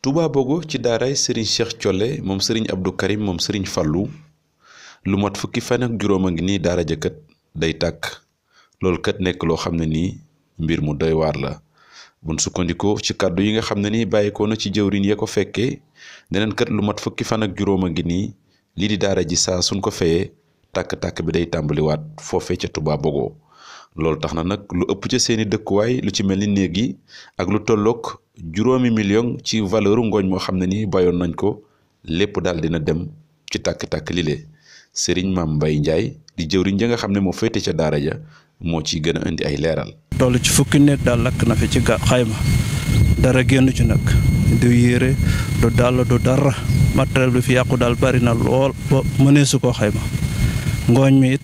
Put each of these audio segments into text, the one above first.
Touba Bogo ci daaray Serigne Cheikh Thiolé moom Serigne Abdou Karim moom sëriñ Fallou lu mat fukki fan ak juróom a ngi nii daara ja day tàkk loolu kat nekk loo xam ne nii mbir mu doy waar la buñ sukkandikoo ci kàddu yi nga xam ne nii bàyyikoo na ci jëwriñ yee ko fekkee deneen kat lu mat fukki fan ak juróom a ngi nii lii di daara ji saa suñ ko fayee tàkk-tàkk bi day tàmbaliwaat foofe ca tubaab Bogo loolu tax na nag lu ëpp ca seeni dëkkuwaay lu ci mel ni néeg yi ak lu tollook juróomi million ci valeuru ngooñ moo xam ne ni bayoon nañ ko lépp daal dina dem ci tàkk-tàkk lile Serigne Mame Mbaye Ndiaye di jëwriñ ja nga xam ne moo féete ca daara ja moo ciy gën a indi ay leeral. toll ci fukki néeg daal lakk na fi ci xayma dara génn ci nag du yére du dàll du dara. matériel bi fi yàqu daal bari na lool ba mëneesu koo xayma ngooñ mi it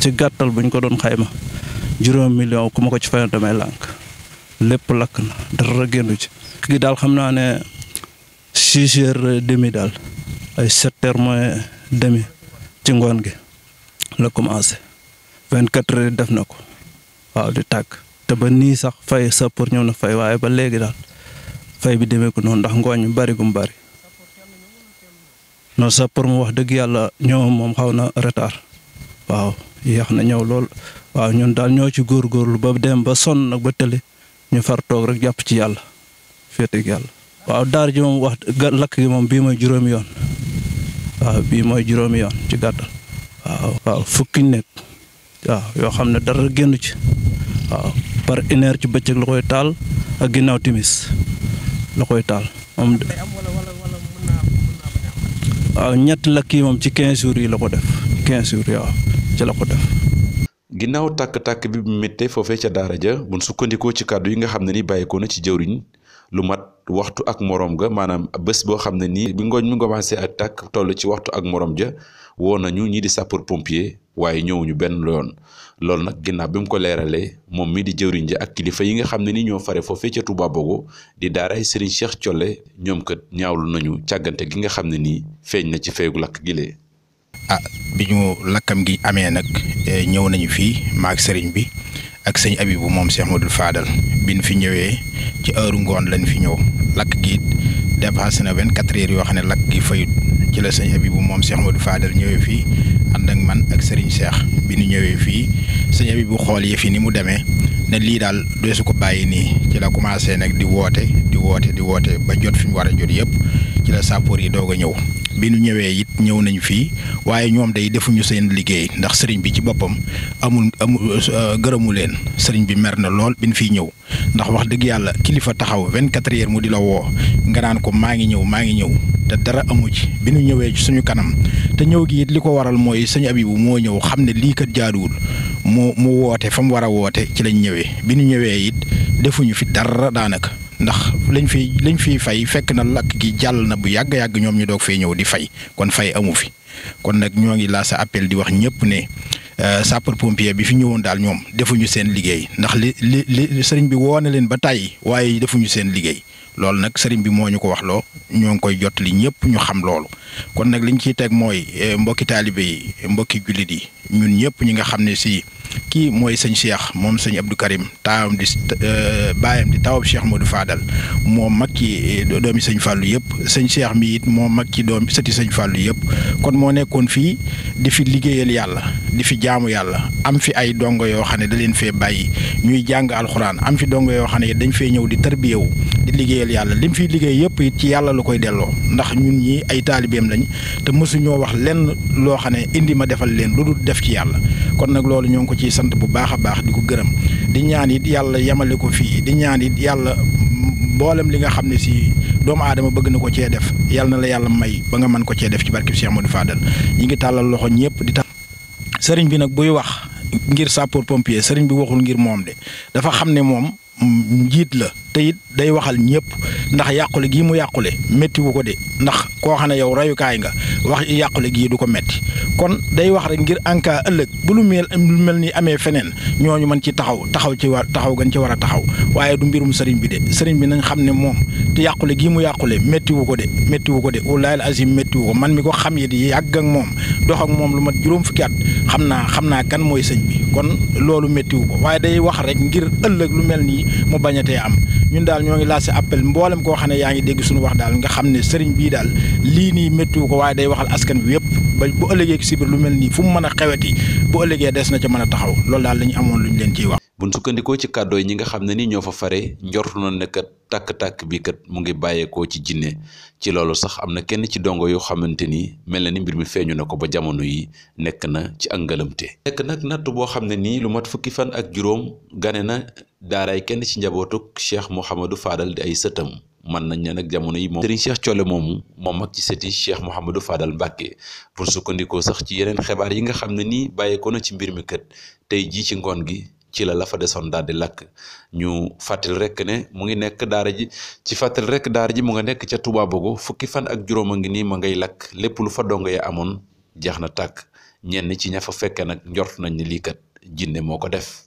ci gàttal buñ ko doon xayma juróom million ku ma ko ci fayoon damay lànk lépp lakk na dara génnu ci gi daal xam naa ne six heures demi daal ay sept heures demi ci ngoon gi la commencé vingt quatre heures def na ko waaw di tàgg te ba nii sax fay sa pour ñëw na fay waaye ba léegi daal fay bi demee ko noonu ndax ngooñ mi bari gum bari non sa pour mu wax dëgg yàlla ñëw moom xaw na retard waaw yeex na ñëw lool waaw ñun daal ñoo ci góor góorgóorlu ba dem ba sonn nag ba tële ñu far toog rek jàpp ci yàlla féete yàlla. waaw daar ji moom wax lakk gi moom bii mooy juróomi yoon waaw bii mooy juróomi yoon ci gàttal. waaw waaw fukki nekk waaw yoo xam ne dara génn ci waaw par une heure ci bëccëg la taal ak ginnaaw timis loxoy koy taal moom. waaw ñett lakk yi moom ci 15 jours yi la ko def 15 jours waaw ci la ko def. ginnaaw tàkk-tàkk bi mu méttee foofee ca daara ja buñ sukkandikoo ci kàddu yi nga xam ne ni bàyyeekoo na ci jëwriñ lu mat waxtu ak morom ga maanaam bés boo xam ne nii bi ngooñ mi commencé ak tàkk toll ci waxtu ak moroom ja woo nañu ñii di sapeur pompier. waaye ñëwuñu benn yoon loolu nag ginnaaw bi mu ko leeralee moom mii di jëwriñ ji ak kilifa yi nga xam ne ni ñoo fare foofee ca Touba Bogo di daaray Serigne Cheikh Thiolé ñoom kat ñaawlu nañu càggante gi nga xam ne nii feeñ na ci feegu lakk gi lee ah bi ñu lakkam gi amee nag eh, ñëw nañu fii maag Serigne bi ak sëñ Abibu moom Cheikh faadal bi biñ fi ñëwee ci heure ngoon lañ fi ñëw lakk gi dépassé na vingt-quatre heures yoo xam ne lakk gi fay ci la sëñ Habibou moom Cheikh Modou Fadal ñëwee fii ànd ak man ak Serigne Cheikh bi nu ñëwee fii sëñ bu xool yëf yi ni mu demee ne lii daal deesu ko bàyyi nii ci la commencé nag di woote di woote di woote ba jot fi ñu war a jot yëpp ci la sappoor yi doog a ñëw bi nu ñëwee it ñëw nañu fii waaye ñoom day defuñu seen liggéey ndax sëriñ bi ci boppam amul amul euh, gërëmu leen sëriñ bi mer na lool bi fiy ñëw ndax wax dëgg yàlla kilifa taxaw 24 heures mu di la woo nga naan ko maa ngi ñëw maa ngi ñëw. te dara amu ci bi ñu ñëwee ci suñu kanam te ñëw gi it li ko waral mooy sëñ Abibu moo ñëw xam ne lii kat jaaduwul mu mu woote fa mu war a woote ci lañ ñëwee bi nu ñëwee it defuñu fi dara daanaka ndax lañ fi lañ fiy fay fekk na lakk gi jàll na bu yàgg yàgg ñoom ñu doog fee ñëw di fay kon fay amu fi kon nag ñoo ngi laa sa appel di wax ñëpp ne. Euh, sapeur pompier bi fi ñëwoon daal ñoom defuñu seen liggéey ndax li li li sëriñ bi woo na leen ba tàyyi waaye defuñu seen liggéey loolu nag sëriñ bi moo ñu ko wax loo ñoo ngi koy jot li ñëpp ñu xam loolu kon nag liñ ciy teg mooy eh, mbokki taalibe yi mbokki jullit yi ñun ñëpp ñi nga xam ne si kii mooy sëñ Cheikh moom sëñ Abdou Karim taawam di euh, baayam di taawam Cheikh Modou Fadal moo mag ci eh, doomi sëñ fàllu yëpp sëñ Cheikh mi it moo mag ci doom sëti sëñ fàl yëpp kon fii di fi liggéeyal yàlla di fi jaamu yàlla am fi ay dongo yoo xam ne da leen fee bàyyi ñuy jàng alxuraan am fi dongo yoo xam ne dañ fee ñëw di tarbiyewu di liggéeyal yàlla lim fiy liggéey yëpp it ci yàlla lu koy delloo ndax ñun ñi ay taalibeem lañ te mësuñoo wax lenn loo xam ne indi ma defal leen lu dul def ci yàlla kon nag loolu ñoo ngi ko ciy sant bu baax a baax di ko gërëm di ñaan it yàlla yemale ko fii di ñaan it yàlla mboolem li nga xam ne si doomu aadama bëgg na ko cee def yal na la yàlla may ba nga mën ko cee def ci barkib Cheikh Modou Fadal ñu ngi tàllal loxo ñëpp di tax sëriñ bi nag buy wax ngir sapeur pompier sëriñ bi waxul ngir moom de dafa xam ne moom mm, njiit la. te day waxal ñëpp ndax yàqule gii mu yàqule métti ko de ndax koo xam ne yow rayukaay nga wax yàqule gii du ko métti kon day wax rek ngir en cas ëllëg bu lu mel lu mel ni amee feneen ñooñu mën ci taxaw taxaw ci war taxaw gan ci war a taxaw waaye du mbirum sëriñ bi de sëriñ bi nañ xam ne moom te yàqule gii mu yàqule métti ko de métti ko de wallaahi azim métti wu ko man mi ko xam yi di yàgg ak moom dox ak moom lu mat juróom fukki at xam naa xam naa kan mooy sëñ kon loolu métti ko waaye day wax rek ngir ëllëg lu mel nii mu bañatee am ñun daal ñoo ngi lancé appel mboolem koo xam ne yaa ngi dégg suñu wax daal nga xam ne sëriñ bii daal lii nii méttiwu ko waaye day waxal askan bi yëpp ba bu ëllëgee si lu mel nii fu mu mën a xeweti bu ëllëgee des na ca mën a taxaw loolu daal la amoon lu ñu leen ciy wax buñ sukkandikoo ci kàddooy ñi nga xam ne ni ñoo fa fare njortu na ne kat tàkk-tàkk bi kat mu ngi bàyyeekoo ci jinne ci loolu sax am na kenn ci dongo yoo xamante ni mel na ni mbir mi feeñu na ko ba jamono yi nekk na ci àngalamte nekk nag natt boo xam ne nii lu mat fukki fan ak juróom gane na daaraay kenn ci njabootuk Cheikh Mouhamadou Fadal di ay sëtam mën nañ ne ak jamono yi moom Serigne Cheikh Thiolé moomu moom mag ci sëti Cheikh Mouhamadou Fadal Mbacke pour sukkandikoo sax ci yeneen xibaar yi nga xam ne nii bàyyeekoo na ci mbir mi kat tey jii ci ngoon gi ci la la fa desoon daal di lakk ñu fàttali rek ne mu ngi nekk daara ji ci fàttali rek daara ji mu nga nekk ca Touba Bogo fukki fan ak juróom a ngi nii ma ngay lakk lépp lu fa dongo ya amoon jeex na tàkk ñenn ci ña fa fekkee nag njort nañ ne lii kat jinne moo ko def.